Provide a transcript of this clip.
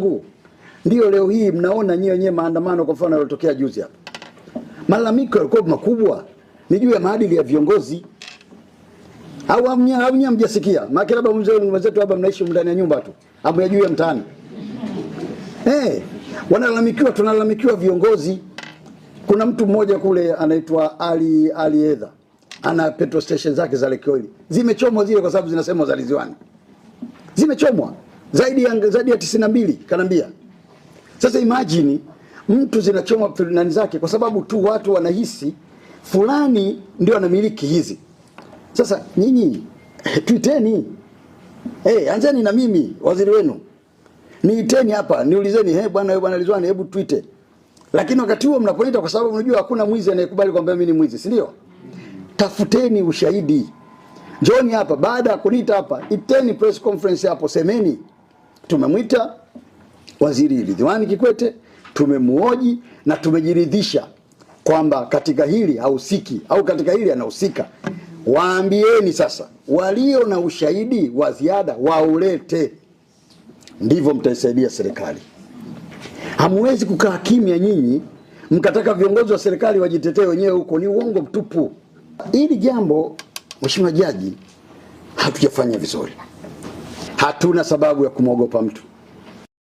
Mungu. Ndio leo hii mnaona nyinyi wenyewe maandamano kwa mfano yalotokea juzi hapa. Malalamiko yalikuwa makubwa ni juu ya maadili ya viongozi. Au amnya au nyinyi mjasikia. Maana labda mzee wenzetu hapa mnaishi ndani ya nyumba tu. Hapo ya juu ya mtaani. Eh, hey, wanalalamikiwa tunalalamikiwa viongozi. Kuna mtu mmoja kule anaitwa Ali Ali Edha. Ana petrol station zake za Lake Oil. Zimechomwa zile kwa sababu zinasemwa za Ridhiwani. Zimechomwa zaidi ya zaidi ya mbili kanambia. Sasa imagine mtu zinachoma fulani zake kwa sababu tu watu wanahisi fulani ndio anamiliki hizi. Sasa nyinyi tuiteni, eh, anzeni na mimi waziri wenu, niiteni hapa niulizeni, he bwana, bwana Ridhiwani, hebu tuite. Lakini wakati huo mnapoita, kwa sababu unajua hakuna mwizi anayekubali kwamba mimi ni mwizi, si ndio? Tafuteni ushahidi, njoni hapa. Baada ya kunita hapa, iteni press conference hapo, semeni tumemwita Waziri Ridhiwani Kikwete, tumemuoji na tumejiridhisha kwamba katika hili hahusiki au katika hili anahusika. Waambieni sasa, walio na ushahidi wa ziada waulete, ndivyo mtaisaidia serikali. Hamwezi kukaa kimya nyinyi mkataka viongozi wa serikali wajitetee wenyewe huko, ni uongo mtupu. Hili jambo, Mheshimiwa Jaji, hatujafanya vizuri hatuna sababu ya kumwogopa mtu.